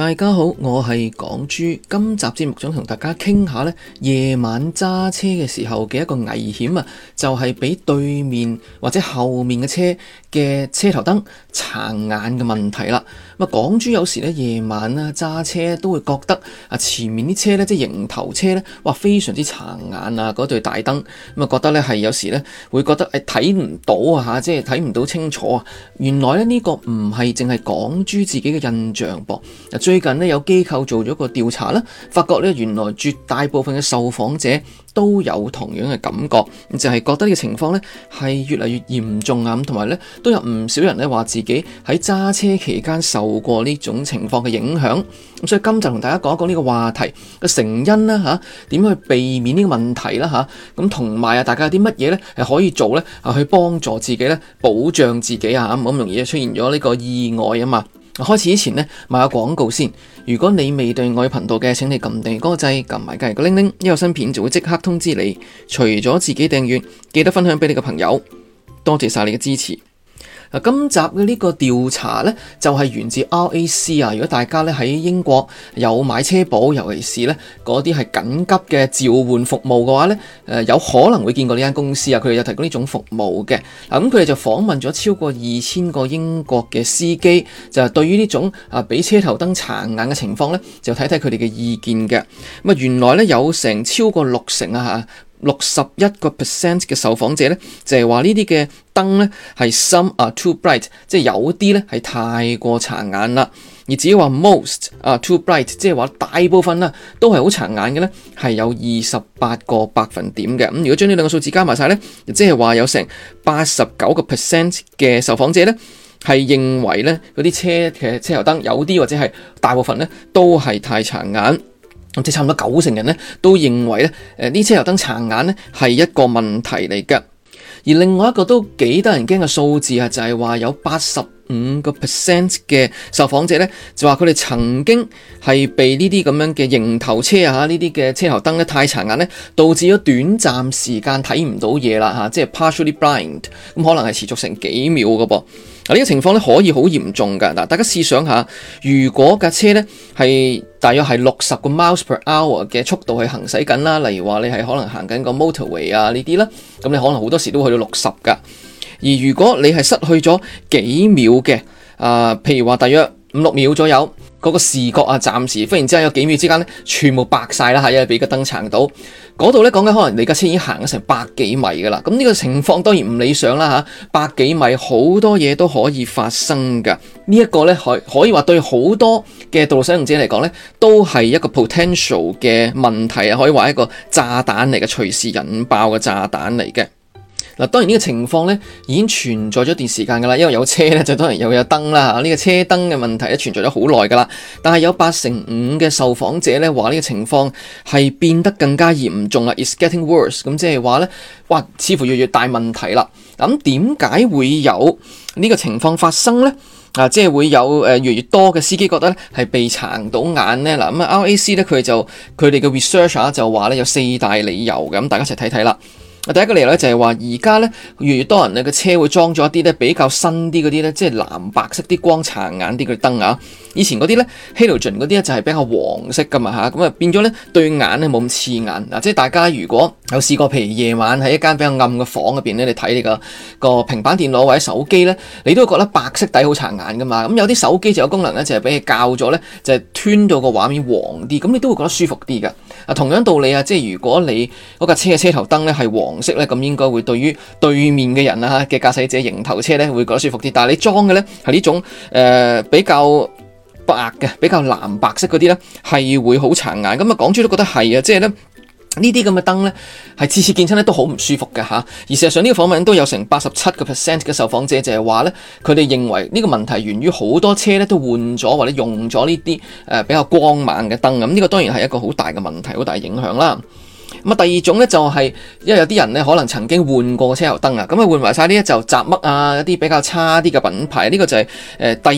大家好，我係港豬。今集節目想同大家傾下呢，夜晚揸車嘅時候嘅一個危險啊，就係、是、俾對面或者後面嘅車嘅車頭燈殘眼嘅問題啦。咁啊，港豬有時呢，夜晚啊揸車都會覺得啊前面啲車呢，即係迎頭車呢，哇非常之殘眼啊嗰對大燈，咁、嗯、啊覺得呢係有時呢，會覺得係睇唔到啊吓，即係睇唔到清楚啊。原來呢，呢、這個唔係淨係港豬自己嘅印象噃。最近咧有機構做咗個調查啦，發覺咧原來絕大部分嘅受訪者都有同樣嘅感覺，就係覺得呢個情況咧係越嚟越嚴重啊，咁同埋咧都有唔少人咧話自己喺揸車期間受過呢種情況嘅影響，咁所以今集同大家講一講呢個話題嘅成因啦吓，點去避免呢個問題啦吓，咁同埋啊，大家有啲乜嘢咧係可以做咧啊去幫助自己咧，保障自己啊吓，唔好容易出現咗呢個意外啊嘛。開始之前呢，賣下廣告先。如果你未對我個頻道嘅，請你撳低個掣，撳埋隔籬個鈴鈴，一有新片就會即刻通知你。除咗自己訂閱，記得分享畀你嘅朋友。多謝晒你嘅支持。今集嘅呢個調查呢，就係源自 RAC 啊！如果大家咧喺英國有買車保，尤其是呢嗰啲係緊急嘅召喚服務嘅話呢，誒有可能會見過呢間公司啊，佢哋有提供呢種服務嘅。咁佢哋就訪問咗超過二千個英國嘅司機，就係對於呢種啊俾車頭燈殘眼嘅情況呢，就睇睇佢哋嘅意見嘅。咁啊，原來呢，有成超過六成啊嚇！六十一個 percent 嘅受訪者呢，就係話呢啲嘅燈呢係 some are too bright，即係有啲呢係太過殘眼啦。而至於話 most are too bright，即係話大部分啦都係好殘眼嘅呢，係有二十八個百分點嘅。咁如果將呢兩個數字加埋晒呢，即係話有成八十九個 percent 嘅受訪者呢，係認為呢嗰啲車嘅車頭燈有啲或者係大部分呢都係太殘眼。咁即差唔多九成人咧，都認為咧，誒呢車頭燈殘眼咧係一個問題嚟嘅。而另外一個都幾得人驚嘅數字係就係話有八十五個 percent 嘅受訪者咧，就話佢哋曾經係被呢啲咁樣嘅迎頭車啊，呢啲嘅車頭燈咧太殘眼咧，導致咗短暫時間睇唔到嘢啦嚇，即係 partially blind 咁，可能係持續成幾秒嘅噃。呢個情況咧可以好嚴重㗎。嗱，大家試想下，如果架車咧係大約係六十個 miles per hour 嘅速度去行駛緊啦，例如話你係可能行緊個 motorway 啊呢啲啦，咁你可能好多時都去到六十㗎。而如果你係失去咗幾秒嘅，啊、呃，譬如話大約五六秒左右。嗰個視覺啊，暫時忽然之間有幾秒之間呢，全部白晒啦，吓，因為俾個燈撐到嗰度呢，講緊可能你架車已經行咗成百幾米噶啦，咁呢個情況當然唔理想啦，吓，百幾米好多嘢都可以發生噶，呢一個呢，可以可以話對好多嘅道路使用者嚟講呢，都係一個 potential 嘅問題啊，可以話一個炸彈嚟嘅，隨時引爆嘅炸彈嚟嘅。嗱，當然呢個情況呢已經存在咗段時間㗎啦，因為有車呢就當然又有燈啦，呢、呢個車燈嘅問題咧存在咗好耐㗎啦。但係有八成五嘅受訪者呢話呢個情況係變得更加嚴重啦，is getting worse、嗯。咁即係話呢，哇，似乎越越大問題啦。咁點解會有呢個情況發生呢？啊，即係會有誒越來越多嘅司機覺得呢係被殘到眼呢。嗱、嗯，咁啊，RAC 呢，佢就佢哋嘅 researcher 就話呢，有四大理由嘅，咁、嗯、大家一齊睇睇啦。第一個理由咧，就係話，而家咧越越多人咧個車會裝咗一啲咧比較新啲嗰啲咧，即係藍白色啲光殘眼啲嘅燈啊。以前嗰啲咧，Halogen 嗰啲咧就係比較黃色噶嘛嚇，咁啊變咗咧對眼咧冇咁刺眼。啊，即係大家如果有試過，譬如夜晚喺一間比較暗嘅房入邊咧，你睇你個個平板電腦或者手機咧，你都會覺得白色底好殘眼噶嘛。咁有啲手機就有功能咧，就係俾你校咗咧，就係㩒到個畫面黃啲，咁你都會覺得舒服啲㗎。啊，同樣道理啊，即係如果你嗰架車嘅車頭燈咧係黃色咧，咁應該會對於對面嘅人啦嘅駕駛者迎頭車咧會覺得舒服啲。但係你裝嘅咧係呢種誒、呃、比較白嘅，比較藍白色嗰啲咧係會好殘眼。咁啊，港豬都覺得係啊，即係咧。呢啲咁嘅燈呢，係次次見親咧都好唔舒服嘅吓。而事實上呢個訪問都有成八十七個 percent 嘅受訪者就係話呢，佢哋認為呢個問題源於好多車呢都換咗或者用咗呢啲誒比較光猛嘅燈啊。咁呢個當然係一個好大嘅問題，好大影響啦。咁啊，第二種呢，就係、是、因為有啲人呢可能曾經換過車頭燈啊，咁啊換埋晒呢啲就雜嘜啊，一啲比較差啲嘅品牌。呢、這個就係誒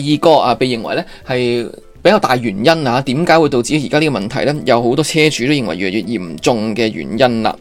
第二個啊被認為呢係。比較大原因啊，點解會導致而家呢個問題呢？有好多車主都認為越嚟越嚴重嘅原因啦。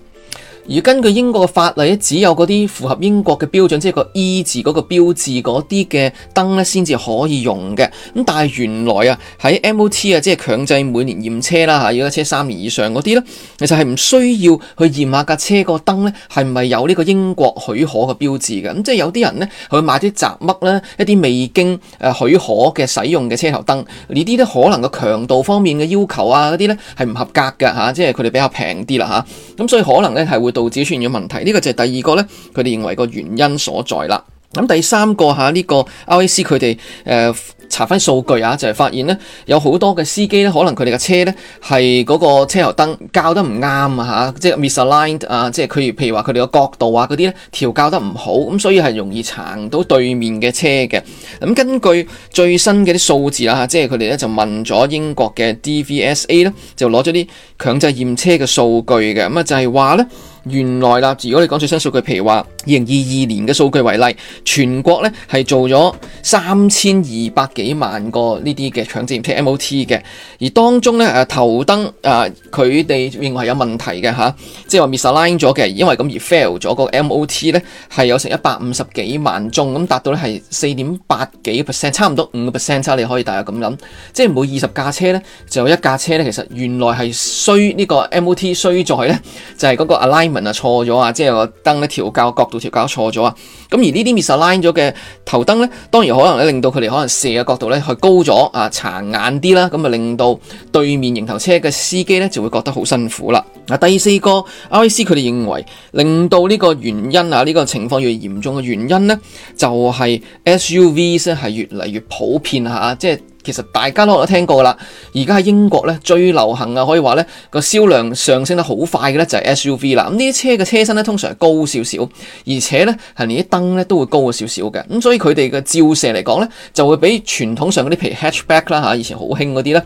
而根據英國嘅法例咧，只有嗰啲符合英國嘅標準，即係個 E 字嗰個標誌嗰啲嘅燈咧，先至可以用嘅。咁但係原來啊，喺 MOT 啊，即係強制每年驗車啦，嚇，如果車三年以上嗰啲咧，其實係唔需要去驗下架車個燈咧，係唔係有呢個英國許可嘅標誌嘅？咁即係有啲人咧，佢買啲雜乜咧，一啲未經誒許可嘅使用嘅車頭燈，呢啲咧可能個強度方面嘅要求啊嗰啲咧係唔合格㗎吓，即係佢哋比較平啲啦吓，咁所以可能咧係會。導致出現咗問題，呢、這個就係第二個咧，佢哋認為個原因所在啦。咁第三個嚇呢、啊，這個 RAC，佢哋誒。呃查翻數據啊，就係、是、發現呢，有好多嘅司機呢，可能佢哋嘅車呢，係嗰個車頭燈校得唔啱啊，嚇，即係 misaligned 啊，即係佢、啊、譬如話佢哋個角度啊嗰啲呢，調校得唔好，咁所以係容易殘到對面嘅車嘅。咁、嗯、根據最新嘅啲數字啦嚇、啊，即係佢哋呢，就問咗英國嘅 DVSA 呢，就攞咗啲強制驗車嘅數據嘅，咁啊就係、是、話呢，原來啦，如果你講最新數據，譬如話二零二二年嘅數據為例，全國呢，係做咗三千二百幾幾萬個呢啲嘅強制驗車 MOT 嘅，而當中咧誒、啊、頭燈誒佢哋認為係有問題嘅吓、啊，即係話 misaligned 咗嘅，因為咁而 fail 咗、個 MOT 咧係有成一百五十幾萬宗，咁達到咧係四點八幾 percent，差唔多五個 percent 差，你可以大約咁諗，即係每二十架車咧就有一架車咧，其實原來係衰呢、個 MOT 衰在咧就係、是、嗰個 alignment 啊錯咗啊，即係個燈咧調校角度調校錯咗啊，咁而呢啲 misaligned 咗嘅頭燈咧，當然可能咧令到佢哋可能射嘅。角度咧係高咗啊，殘眼啲啦，咁啊令到對面迎頭車嘅司機咧就會覺得好辛苦啦。啊，第四個，RAC 佢哋認為令到呢個原因啊，呢個情況越嚴重嘅原因咧，就係 SUV 咧係越嚟越普遍吓，即係。其實大家咯都聽過啦，而家喺英國咧最流行啊，可以話咧個銷量上升得好快嘅咧就係 SUV 啦。咁呢啲車嘅車身咧通常係高少少，而且咧係連啲燈咧都會高少少嘅。咁所以佢哋嘅照射嚟講咧，就會比傳統上嗰啲譬如 hatchback 啦嚇，以前好興嗰啲咧。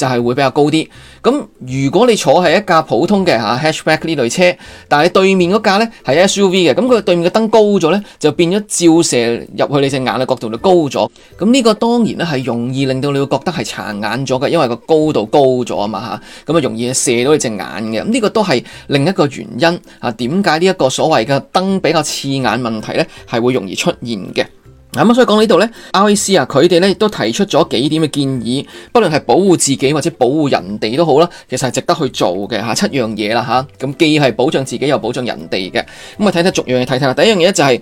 就係會比較高啲，咁如果你坐喺一架普通嘅吓、啊、Hatchback 呢類車，但係對面嗰架呢係 SUV 嘅，咁佢對面嘅燈高咗呢，就變咗照射入去你隻眼嘅角度就高咗，咁呢個當然呢係容易令到你會覺得係殘眼咗嘅，因為個高度高咗啊嘛吓，咁、嗯、啊容易射到你隻眼嘅，咁、這、呢個都係另一個原因啊，點解呢一個所謂嘅燈比較刺眼問題呢，係會容易出現嘅。咁所以講呢度呢，RAC 啊，佢哋呢都提出咗幾點嘅建議，不論係保護自己或者保護人哋都好啦，其實係值得去做嘅嚇，七樣嘢啦吓，咁既係保障自己又保障人哋嘅，咁啊睇睇逐樣嘢睇睇啦，第一樣嘢就係。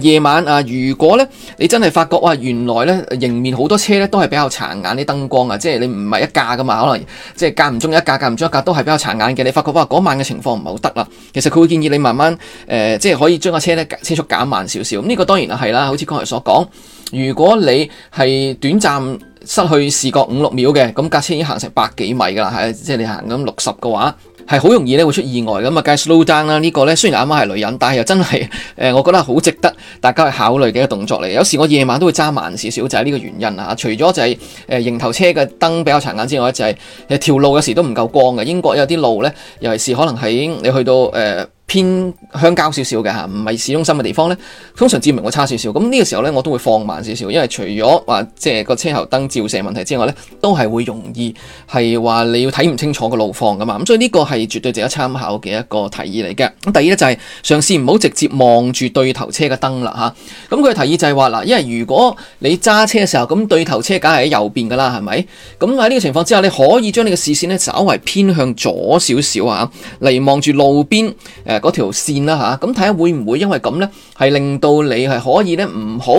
夜、呃、晚啊，如果咧你真係發覺哇，原來咧迎面好多車咧都係比較殘眼啲燈光啊，即係你唔係一架噶嘛，可能即係間唔中一架間唔中一架都係比較殘眼嘅。你發覺哇，嗰、啊、晚嘅情況唔係好得啦。其實佢會建議你慢慢、呃、即係可以將個車咧、呃、車速減慢少少。呢、這個當然啊係啦，好似剛才所講，如果你係短暫失去視覺五六秒嘅，咁、那、架、個、車已經行成百幾米㗎啦，係即係你行緊六十個話。係好容易咧會出意外咁啊，梗係 slow down 啦，呢個咧雖然阿媽係女人，但係又真係誒、呃，我覺得好值得大家去考慮嘅一個動作嚟。有時我夜晚都會揸慢少少就係、是、呢個原因啊。除咗就係誒迎頭車嘅燈比較殘眼之外，就係、是、條路有時都唔夠光嘅。英國有啲路咧，尤其是可能喺你去到誒，呃偏鄉郊少少嘅嚇，唔係市中心嘅地方呢，通常照明會差少少。咁呢個時候呢，我都會放慢少少，因為除咗話即係個車頭燈照射問題之外呢，都係會容易係話你要睇唔清楚個路況噶嘛。咁所以呢個係絕對值得參考嘅一個提議嚟嘅。咁第二呢，就係、是，嘗試唔好直接望住對頭車嘅燈啦吓，咁佢嘅提議就係話嗱，因為如果你揸車嘅時候咁，對頭車梗係喺右邊噶啦，係咪？咁喺呢個情況之下，你可以將你嘅視線呢稍為偏向左少少啊，嚟望住路邊誒。嗰條線啦嚇，咁睇下會唔會因為咁呢，係令到你係可以呢，唔好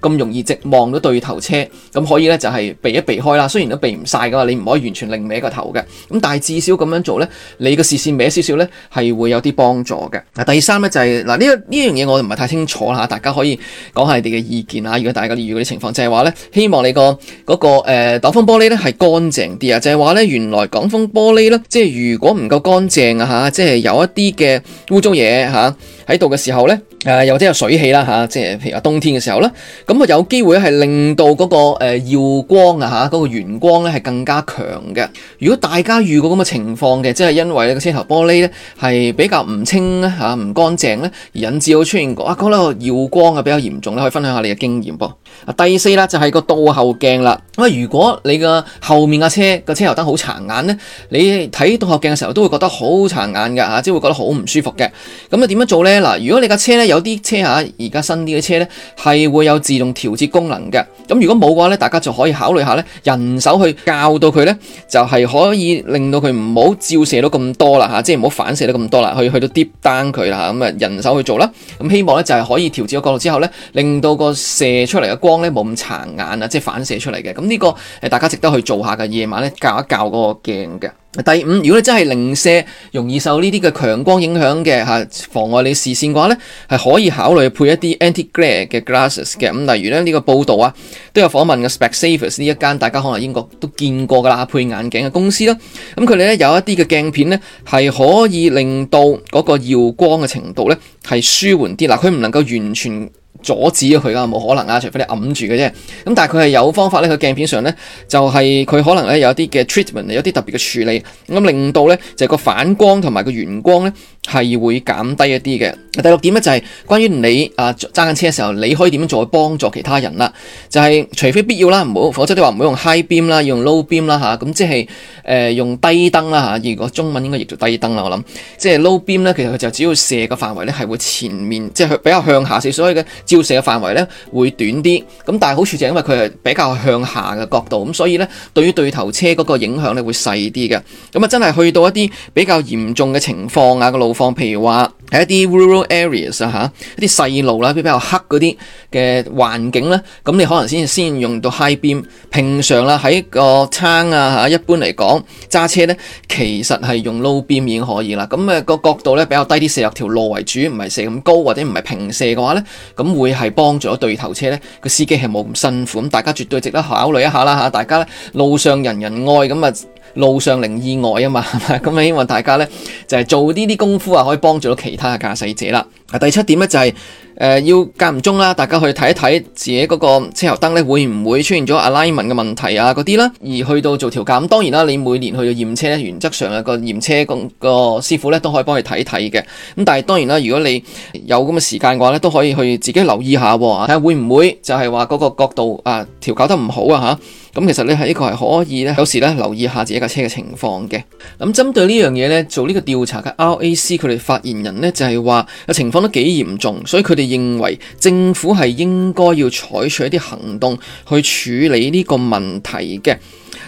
咁容易直望到對頭車，咁可以呢，就係避一避開啦。雖然都避唔晒噶嘛，你唔可以完全擰歪個頭嘅咁，但係至少咁樣做呢，你個視線歪少少呢，係會有啲幫助嘅嗱。第三呢、就係，就係嗱呢呢樣嘢，我哋唔係太清楚啦，大家可以講下你哋嘅意見啊。如果大家遇嗰啲情況，就係話呢，希望你、個嗰個誒擋風玻璃呢係乾淨啲啊，就係話呢，原來擋風玻璃呢，即係如果唔夠乾淨啊嚇，即係有一啲嘅，污糟嘢嚇喺度嘅時候咧，誒又、啊、或者有水氣啦嚇、啊，即係譬如話冬天嘅時候啦，咁啊有機會咧係令到嗰個耀光啊嚇嗰、嗰個眩光咧係更加強嘅。如果大家遇過咁嘅情況嘅，即係因為個車頭玻璃咧係比較唔清咧唔、啊、乾淨咧，而引致到出現、嗰個啊嗰度、嗰個、耀光啊比較嚴重咧，可以分享下你嘅經驗噃。第四啦，就係個倒後鏡啦。咁如果你個後面架車個車頭燈好殘眼呢，你睇倒後鏡嘅時候都會覺得好殘眼嘅吓，即係會覺得好唔舒服嘅。咁啊，點樣做呢？嗱，如果你架車呢，有啲車啊，而家新啲嘅車呢，係會有自動調節功能嘅。咁如果冇嘅話呢，大家就可以考慮下呢，人手去校到佢呢，就係、是、可以令到佢唔好照射到咁多啦吓，即係唔好反射到咁多啦，去去到 deep down 佢啦吓，咁啊人手去做啦。咁希望呢，就係可以調節個角度之後呢，令到個射出嚟嘅。光咧冇咁殘眼啊，即係反射出嚟嘅。咁、這、呢個誒，大家值得去做下嘅。夜晚咧，校一校嗰個鏡嘅。第五，如果你真係零舍，容易受呢啲嘅強光影響嘅嚇，妨礙你視線嘅話咧，係可以考慮配一啲 anti glare 嘅 glasses 嘅。咁、嗯、例如咧，呢、這個報道啊，都有訪問嘅 Specsavers 呢一間，大家可能英國都見過㗎啦，配眼鏡嘅公司啦。咁佢哋咧有一啲嘅鏡片咧，係可以令到嗰個耀光嘅程度咧係舒緩啲。嗱、呃，佢唔能夠完全。阻止咗佢啦，冇可能啊！除非你揞住嘅啫。咁但係佢係有方法咧，佢鏡片上咧就係、是、佢可能咧有啲嘅 treatment，有啲特別嘅處理，咁令到咧就個、是、反光同埋個眩光咧。係會減低一啲嘅。第六點咧就係關於你啊揸緊車嘅時候，你可以點樣再幫助其他人啦？就係、是、除非必要啦，唔好否則你話唔好用 high beam 啦，用 low beam 啦、啊、吓。咁即係誒、呃、用低燈啦吓。如、啊、果中文應該譯做低燈啦，我諗。即係 low beam 咧，其實佢就主要射嘅範圍咧係會前面，即係比較向下射，所以嘅照射嘅範圍咧會短啲。咁但係好處就係因為佢係比較向下嘅角度，咁所以咧對於對頭車嗰個影響咧會細啲嘅。咁啊，真係去到一啲比較嚴重嘅情況啊個路。路譬如話喺一啲 rural areas 啊吓，一啲細路啦，啲比較黑嗰啲嘅環境呢，咁你可能先先用到 high beam。平常啦，喺個 town 啊吓，一般嚟講揸車呢其實係用 low beam 已經可以啦。咁、那、啊個角度呢比較低啲，射落條路為主，唔係射咁高或者唔係平射嘅話呢，咁會係幫助咗對頭車呢個司機係冇咁辛苦。咁大家絕對值得考慮一下啦吓，大家呢，路上人人愛咁啊！路上零意外啊嘛，咁 希望大家咧就係、是、做呢啲功夫啊，可以幫助到其他嘅駕駛者啦。第七點咧就係、是、誒、呃、要間唔中啦，大家去睇一睇自己嗰個車頭燈咧，會唔會出現咗 alignment 嘅問題啊嗰啲啦，而去到做調校。咁當然啦，你每年去驗車，原則上個驗車個個師傅咧都可以幫你睇睇嘅。咁但係當然啦，如果你有咁嘅時間嘅話咧，都可以去自己留意下喎、啊，睇下會唔會就係話嗰個角度啊調教得唔好啊嚇。咁其實咧係一個係可以咧，有時咧留意下自己架車嘅情況嘅。咁針對呢樣嘢咧，做呢個調查嘅 RAC 佢哋發言人咧就係話嘅情況。講得幾嚴重，所以佢哋認為政府係應該要採取一啲行動去處理呢個問題嘅。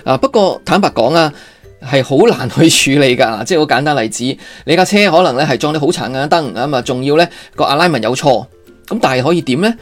啊，不過坦白講啊，係好難去處理㗎。即係好簡單例子，你架車可能咧係撞得好慘嘅燈，咁啊仲要咧個阿拉文有錯，咁但係可以點呢？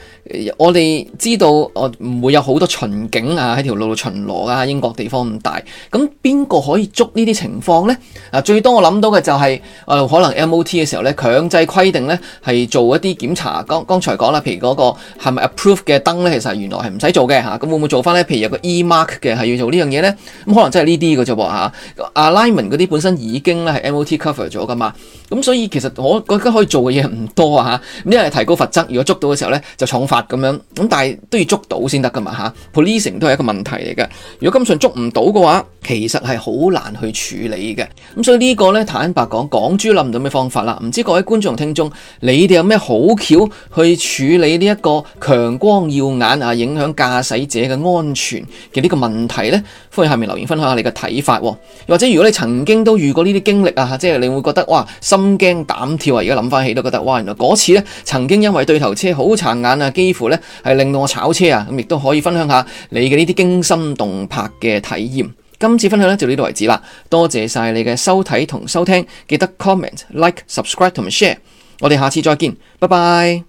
我哋知道我唔會有好多巡警啊喺條路度巡邏啊，英國地方咁大，咁邊個可以捉呢啲情況呢？嗱、啊，最多我諗到嘅就係、是、誒、啊、可能 MOT 嘅時候呢，強制規定呢，係做一啲檢查。剛、啊、剛才講啦，譬如嗰個係咪 approve 嘅燈呢，其實原來係唔使做嘅嚇，咁、啊、會唔會做翻呢？譬如有個 E mark 嘅係要做呢樣嘢呢？咁、啊、可能真係呢啲嘅啫噃。alignment 嗰啲本身已經咧係 MOT cover 咗噶嘛，咁、啊、所以其實我覺得可以做嘅嘢唔多啊嚇。咁一係提高罰則，如果捉到嘅時候呢，就重罰。咁樣，咁但係都要捉到先得噶嘛吓，policing 都係一個問題嚟嘅。如果今上捉唔到嘅話，其實係好難去處理嘅。咁所以呢個呢，坦白講，港豬諗唔到咩方法啦。唔知各位觀眾同聽眾，你哋有咩好巧去處理呢一個強光耀眼啊，影響駕駛者嘅安全嘅呢個問題呢？歡迎下面留言分享下你嘅睇法，或者如果你曾經都遇過呢啲經歷啊，即係你會覺得哇，心驚膽跳啊！而家諗翻起都覺得哇，原來嗰次呢，曾經因為對頭車好殘眼啊，似乎咧，係令到我炒車啊！咁亦都可以分享下你嘅呢啲驚心動魄嘅體驗。今次分享咧就到呢度為止啦，多謝晒你嘅收睇同收聽，記得 comment、like、subscribe 同 share。我哋下次再見，拜拜。